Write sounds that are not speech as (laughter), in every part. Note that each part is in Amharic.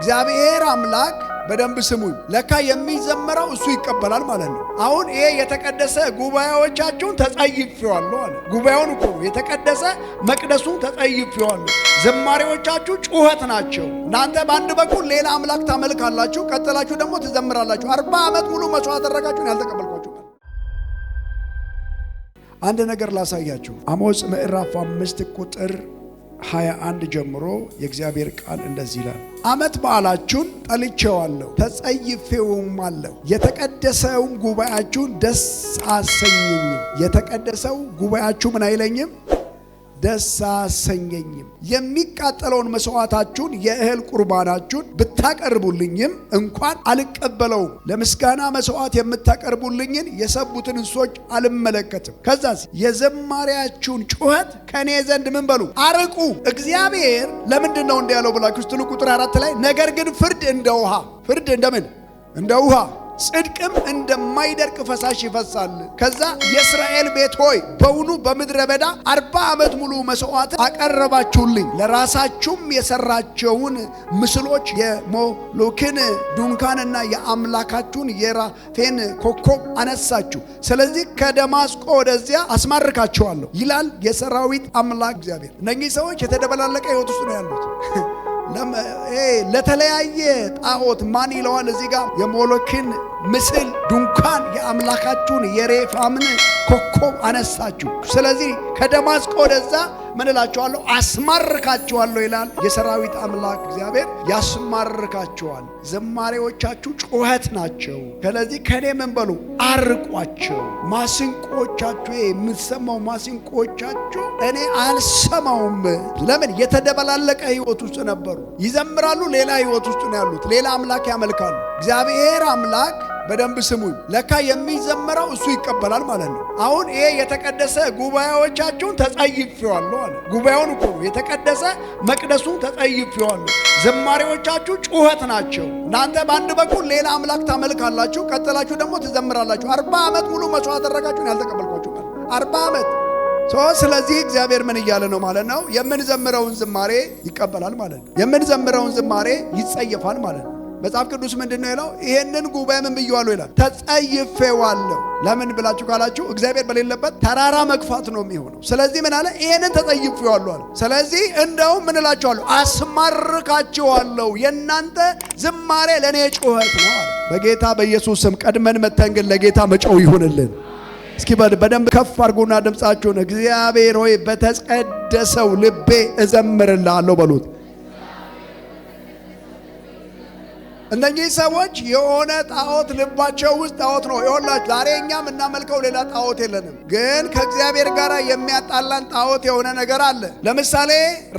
እግዚአብሔር አምላክ በደንብ ስሙኝ። ለካ የሚዘመረው እሱ ይቀበላል ማለት ነው። አሁን ይሄ የተቀደሰ ጉባኤዎቻችሁን ተጸይፌዋለሁ አለ። ጉባኤውን እኮ ነው የተቀደሰ መቅደሱን ተጸይፌዋለሁ። ዝማሬዎቻችሁ ጩኸት ናቸው። እናንተ በአንድ በኩል ሌላ አምላክ ታመልካላችሁ፣ ቀጥላችሁ ደግሞ ትዘምራላችሁ። አርባ ዓመት ሙሉ መስዋዕት አደረጋችሁን ያልተቀበልኳችሁ አንድ ነገር ላሳያችሁ። አሞጽ ምዕራፍ አምስት ቁጥር 21 ጀምሮ የእግዚአብሔር ቃል እንደዚህ ይላል። ዓመት በዓላችሁን ጠልቼዋለሁ፣ ተጸይፌውም አለሁ። የተቀደሰውም ጉባኤያችሁን ደስ አሰኘኝም። የተቀደሰው ጉባኤያችሁ ምን አይለኝም ደስ አሰኘኝም። የሚቃጠለውን መስዋዕታችሁን የእህል ቁርባናችሁን ብታቀርቡልኝም እንኳን አልቀበለውም። ለምስጋና መስዋዕት የምታቀርቡልኝን የሰቡትን እንስሶች አልመለከትም። ከዛስ የዘማሪያችሁን ጩኸት ከእኔ ዘንድ ምን በሉ አርቁ። እግዚአብሔር ለምንድን ነው እንዲህ ያለው ብላችሁ ስትሉ ቁጥር አራት ላይ ነገር ግን ፍርድ እንደ ውሃ ፍርድ እንደምን እንደ ውሃ ጽድቅም እንደማይደርቅ ፈሳሽ ይፈሳል። ከዛ የእስራኤል ቤት ሆይ በውኑ በምድረ በዳ አርባ ዓመት ሙሉ መስዋዕት አቀረባችሁልኝ፣ ለራሳችሁም የሰራቸውን ምስሎች የሞሎክን ዱንካንና የአምላካችሁን የራፌን ኮከብ አነሳችሁ፣ ስለዚህ ከደማስቆ ወደዚያ አስማርካችኋለሁ ይላል የሰራዊት አምላክ እግዚአብሔር። እነኚህ ሰዎች የተደበላለቀ ሕይወት ውስጥ ነው ያሉት። (laughs) ይሄ ለተለያየ ጣዖት ማን ይለዋል? እዚህ ጋር የሞሎክን ምስል ድንኳን የአምላካችሁን የሬፋምን ኮ ከያዕቆብ አነሳችሁ። ስለዚህ ከደማስቆ ወደዛ ምን እላችኋለሁ? አስማርካችኋለሁ ይላል የሰራዊት አምላክ እግዚአብሔር። ያስማርካችኋል። ዝማሬዎቻችሁ ጩኸት ናቸው። ስለዚህ ከእኔ ምን በሉ አርቋቸው። ማሲንቆቻችሁ የምትሰማው ማሲንቆቻችሁ እኔ አልሰማውም። ለምን? የተደበላለቀ ህይወት ውስጥ ነበሩ። ይዘምራሉ፣ ሌላ ህይወት ውስጥ ነው ያሉት። ሌላ አምላክ ያመልካሉ። እግዚአብሔር አምላክ በደንብ ስሙኝ። ለካ የሚዘመረው እሱ ይቀበላል ማለት ነው። አሁን ይሄ የተቀደሰ ጉባኤዎቻችሁን ተጸይፌዋለሁ አለ። ጉባኤውን እኮ ነው የተቀደሰ መቅደሱን ተጸይፌዋለሁ። ዝማሬዎቻችሁ ጩኸት ናቸው። እናንተ በአንድ በኩል ሌላ አምላክ ታመልካላችሁ፣ ቀጥላችሁ ደግሞ ትዘምራላችሁ። አርባ ዓመት ሙሉ መስዋዕት አደረጋችሁን ያልተቀበልኳችሁ ቃል አርባ ዓመት ስለዚህ እግዚአብሔር ምን እያለ ነው ማለት ነው? የምንዘምረውን ዝማሬ ይቀበላል ማለት ነው። የምንዘምረውን ዝማሬ ይጸየፋል ማለት ነው። መጽሐፍ ቅዱስ ምንድን ነው ይለው? ይሄንን ጉባኤ ምን ብየዋለሁ ይላል? ተጸይፌዋለሁ። ለምን ብላችሁ ካላችሁ እግዚአብሔር በሌለበት ተራራ መግፋት ነው የሚሆነው። ስለዚህ ምን አለ? ይሄንን ተጸይፌዋለሁ አለ። ስለዚህ እንደውም ምን እላችኋለሁ? አስማርካችኋለሁ። የእናንተ ዝማሬ ለእኔ ጩኸት ነው አለ። በጌታ በኢየሱስ ስም ቀድመን መተን ግን ለጌታ መጮው ይሁንልን። እስኪ በደንብ ከፍ አድርጉና ድምፃችሁን እግዚአብሔር ሆይ በተጸደሰው ልቤ እዘምርልሃለሁ በሉት። እነኚህ ሰዎች የሆነ ጣዖት ልባቸው ውስጥ ጣዖት ነው ይሆንላችሁ። ዛሬ እኛም እናመልከው ሌላ ጣዖት የለንም፣ ግን ከእግዚአብሔር ጋር የሚያጣላን ጣዖት የሆነ ነገር አለ። ለምሳሌ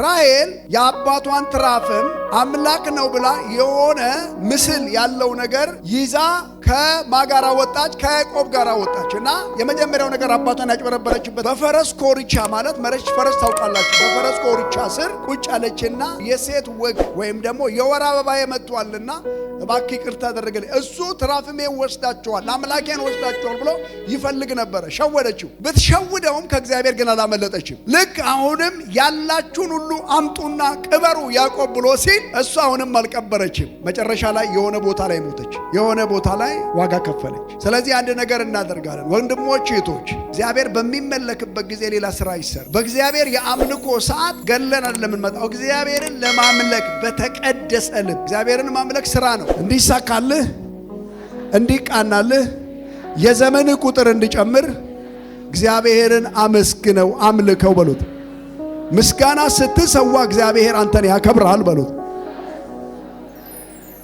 ራሄል የአባቷን ትራፍም አምላክ ነው ብላ የሆነ ምስል ያለው ነገር ይዛ ከማጋራ ወጣች ከያዕቆብ ጋራ ወጣች እና የመጀመሪያው ነገር አባቷን ያጭበረበረችበት በፈረስ ኮርቻ ማለት መረች ፈረስ ታውቃላችሁ። በፈረስ ኮርቻ ስር ቁጭ አለችና የሴት ወግ ወይም ደግሞ የወር አበባ መጥቷልና እባክህ ይቅርታ አደረገልኝ፣ እሱ ትራፍሜን ወስዳቸዋል፣ አምላኬን ወስዳቸዋል ብሎ ይፈልግ ነበረ። ሸወደችው። ብትሸውደውም ከእግዚአብሔር ግን አላመለጠችም። ልክ አሁንም ያላችሁን ሁሉ አምጡና ቅበሩ ያዕቆብ ብሎ ሲል እሱ አሁንም አልቀበረችም። መጨረሻ ላይ የሆነ ቦታ ላይ ሞተች። የሆነ ቦታ ላይ ዋጋ ከፈለች። ስለዚህ አንድ ነገር እናደርጋለን ወንድሞች እህቶች፣ እግዚአብሔር በሚመለክበት ጊዜ ሌላ ስራ ይሰራ። በእግዚአብሔር የአምልኮ ሰዓት ገለን ለምንመጣው እግዚአብሔርን ለማምለክ በተቀደሰ ልብ። እግዚአብሔርን ማምለክ ስራ ነው። እንዲሳካልህ፣ እንዲቃናልህ፣ የዘመንህ ቁጥር እንዲጨምር እግዚአብሔርን አመስግነው፣ አምልከው በሉት። ምስጋና ስትሰዋ እግዚአብሔር አንተን ያከብርሃል በሉት።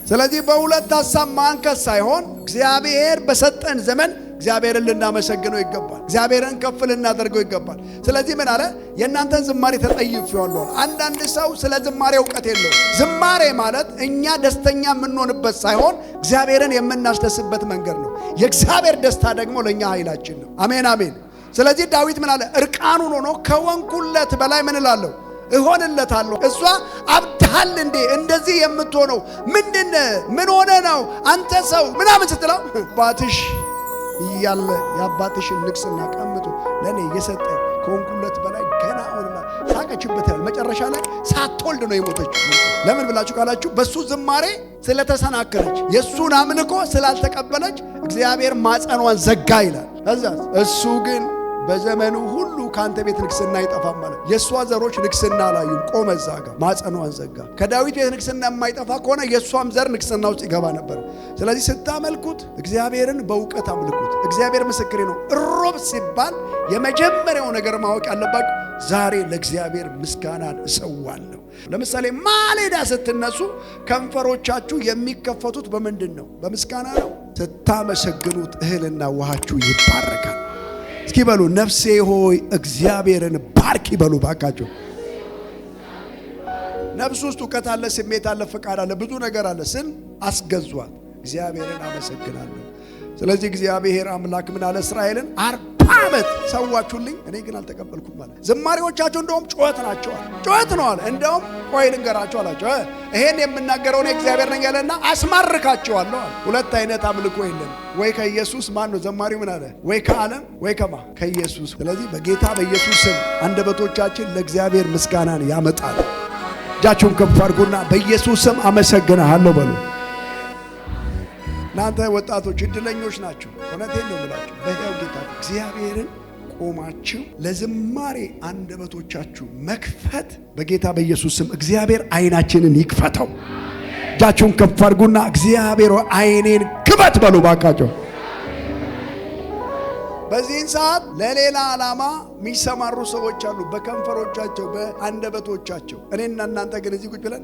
ስለዚህ በሁለት ሀሳብ ማንከስ ሳይሆን እግዚአብሔር በሰጠን ዘመን እግዚአብሔርን ልናመሰግነው ይገባል። እግዚአብሔርን ከፍ ልናደርገው ይገባል። ስለዚህ ምን አለ? የእናንተን ዝማሬ ተጠይፌዋለሁ። አንዳንድ ሰው ስለ ዝማሬ እውቀት የለው። ዝማሬ ማለት እኛ ደስተኛ የምንሆንበት ሳይሆን እግዚአብሔርን የምናስደስበት መንገድ ነው። የእግዚአብሔር ደስታ ደግሞ ለእኛ ኃይላችን ነው። አሜን አሜን። ስለዚህ ዳዊት ምን አለ? እርቃኑን ሆኖ ከወንኩለት በላይ ምን እላለሁ እሆንለታለሁ። እሷ አብድሃል እንዴ እንደዚህ የምትሆነው ምንድን ምን ሆነ ነው አንተ ሰው ምናምን ስትለው አባትሽ እያለ የአባትሽን ንግስና ቀምቶ ለእኔ የሰጠ ከወንኩለት በላይ ገና ሆንና ሳቀችበታል። መጨረሻ ላይ ሳትወልድ ነው የሞተችው። ለምን ብላችሁ ካላችሁ በእሱ ዝማሬ ስለተሰናከለች፣ የእሱን አምልኮ ስላልተቀበለች እግዚአብሔር ማጸኗን ዘጋ ይላል። እሱ ግን በዘመኑ ሁሉ ከአንተ ቤት ንግስና አይጠፋም ማለት። የእሷ ዘሮች ንግስና አላዩም። ቆመ እዛ ጋር ማጸኗን ዘጋ። ከዳዊት ቤት ንግስና የማይጠፋ ከሆነ የእሷም ዘር ንግስና ውስጥ ይገባ ነበር። ስለዚህ ስታመልኩት እግዚአብሔርን በእውቀት አምልኩት። እግዚአብሔር ምስክሬ ነው። እሮብ ሲባል የመጀመሪያው ነገር ማወቅ ያለባችሁ ዛሬ ለእግዚአብሔር ምስጋናን እሰዋለሁ። ለምሳሌ ማሌዳ ስትነሱ ከንፈሮቻችሁ የሚከፈቱት በምንድን ነው? በምስጋና ነው። ስታመሰግኑት እህልና ውሃችሁ ይባረካል። እስኪ በሉ ነፍሴ ሆይ እግዚአብሔርን ባርክ ይበሉ ባካቸው። ነፍስ ውስጥ እውቀት አለ፣ ስሜት አለ፣ ፍቃድ አለ፣ ብዙ ነገር አለ። ስም አስገዟል። እግዚአብሔርን አመሰግናለሁ። ስለዚህ እግዚአብሔር አምላክ ምን አለ እስራኤልን ዓመት ሰዋችሁልኝ፣ እኔ ግን አልተቀበልኩም ማለት ዝማሪዎቻቸው እንደውም ጩኸት ናቸዋል፣ ጩኸት ነዋል። እንደውም ቆይ ልንገራቸው አላቸው። ይሄን የምናገረው እኔ እግዚአብሔር ነኝ ያለና አስማርካቸዋለሁ። ሁለት አይነት አምልኮ የለም ወይ ከኢየሱስ ማን ነው ዘማሪው? ምን አለ? ወይ ከዓለም ወይ ከማ ከኢየሱስ። ስለዚህ በጌታ በኢየሱስ ስም አንደበቶቻችን ለእግዚአብሔር ምስጋናን ያመጣል። እጃችሁን ከፍ አድርጉና በኢየሱስ ስም አመሰግናሃለሁ በሉ። እናንተ ወጣቶች እድለኞች ናቸው። እውነቴ ነው የምላችሁ። በሕያው ጌታ እግዚአብሔርን ቆማችሁ ለዝማሬ አንደበቶቻችሁ መክፈት በጌታ በኢየሱስ ስም እግዚአብሔር አይናችንን ይክፈተው። እጃችሁን ከፍ አድርጉና እግዚአብሔር አይኔን ክፈት በሉ ባካቸው። በዚህን ሰዓት ለሌላ ዓላማ የሚሰማሩ ሰዎች አሉ፣ በከንፈሮቻቸው በአንደበቶቻቸው። እኔና እናንተ ግን እዚህ ቁጭ ብለን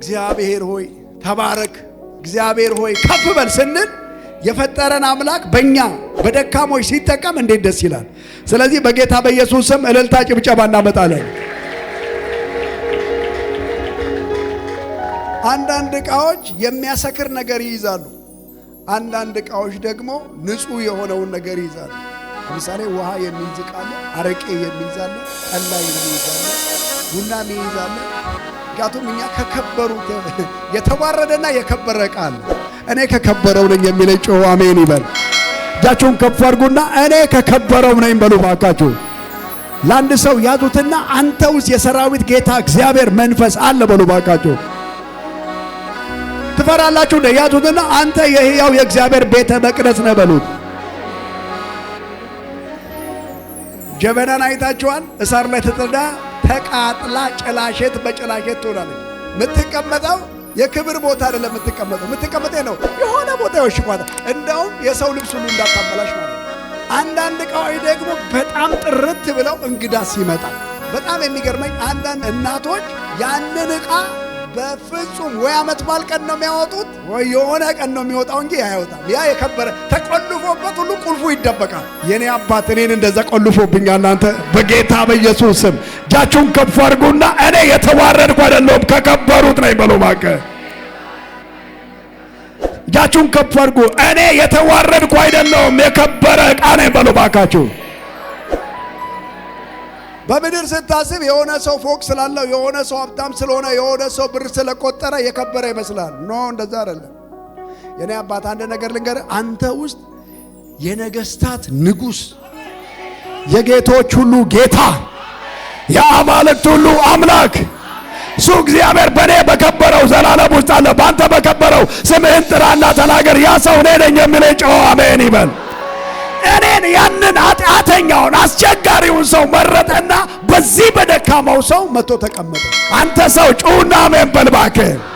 እግዚአብሔር ሆይ ተባረክ እግዚአብሔር ሆይ ከፍ በል ስንል የፈጠረን አምላክ በእኛ በደካሞች ሲጠቀም እንዴት ደስ ይላል። ስለዚህ በጌታ በኢየሱስ ስም እልልታ ጭብጨባ እናመጣለን። አንዳንድ ዕቃዎች የሚያሰክር ነገር ይይዛሉ። አንዳንድ ዕቃዎች ደግሞ ንጹህ የሆነውን ነገር ይይዛሉ። ለምሳሌ ውሃ የሚይዝ አለ፣ አረቄ የሚይዛለ፣ ጠላ የሚይዛለ፣ ቡና የሚይዛለ ምክንያቱም እኛ ከከበሩ የተዋረደና የከበረ ቃል እኔ ከከበረው ነኝ የሚለኝ ጮ አሜን ይበል። እጃችሁን ከፍ አድርጉና እኔ ከከበረው ነኝ በሉ ባካችሁ። ለአንድ ሰው ያዙትና አንተ ውስጥ የሰራዊት ጌታ እግዚአብሔር መንፈስ አለ በሉ ባካችሁ። ትፈራላችሁ እንደ ያዙትና አንተ የሕያው የእግዚአብሔር ቤተ መቅደስ ነህ በሉት። ጀበናን አይታችኋል? እሳር ላይ ተጥዳ ተቃጥላ ጭላሸት በጭላሸት ትሆናለች። የምትቀመጠው የክብር ቦታ አይደለም። የምትቀመጠው የምትቀመጠ ነው የሆነ ቦታ ይወሽቋታል። እንደውም የሰው ልብስ ሁሉ እንዳታበላሽ ማለት አንዳንድ እቃዎች ደግሞ በጣም ጥርት ብለው እንግዳ ሲመጣ በጣም የሚገርመኝ አንዳንድ እናቶች ያንን እቃ በፍጹም ወይ አመት በዓል ቀን ነው የሚያወጡት ወይ የሆነ ቀን ነው የሚወጣው እንጂ አይወጣም። ያ የከበረ ተቆልፎበት ሁሉ ቁልፉ ይደበቃል። የኔ አባት እኔን እንደዛ ቆልፎብኛ አንተ በጌታ በኢየሱስ ስም እጃችሁን ከፍ አድርጉና እኔ የተዋረድኩ አይደለሁም ከከበሩት ነኝ በሎ ማቀ እጃችሁን ከፍ አድርጉ። እኔ የተዋረድኩ አይደለሁም የከበረ ዕቃ ነኝ በሎ ባካችሁ በምድር ስታስብ የሆነ ሰው ፎቅ ስላለው፣ የሆነ ሰው ሀብታም ስለሆነ፣ የሆነ ሰው ብር ስለቆጠረ የከበረ ይመስላል። ኖ እንደዛ አይደለም። የኔ አባት አንድ ነገር ልንገር፣ አንተ ውስጥ የነገስታት ንጉስ፣ የጌቶች ሁሉ ጌታ፣ የአማልክት ሁሉ አምላክ እሱ እግዚአብሔር በእኔ በከበረው ዘላለም ውስጥ አለ። በአንተ በከበረው ስምህን ጥራና ተናገር። ያ ሰው እኔ ነኝ የሚለኝ ጮኸ አሜን ይበል። እኔን ያንን ኃጢአተኛውን አስቸጋሪውን ሰው መረጠና በዚህ በደካማው ሰው መጥቶ ተቀመጠ። አንተ ሰው ጩና ሜንበል በልባክህ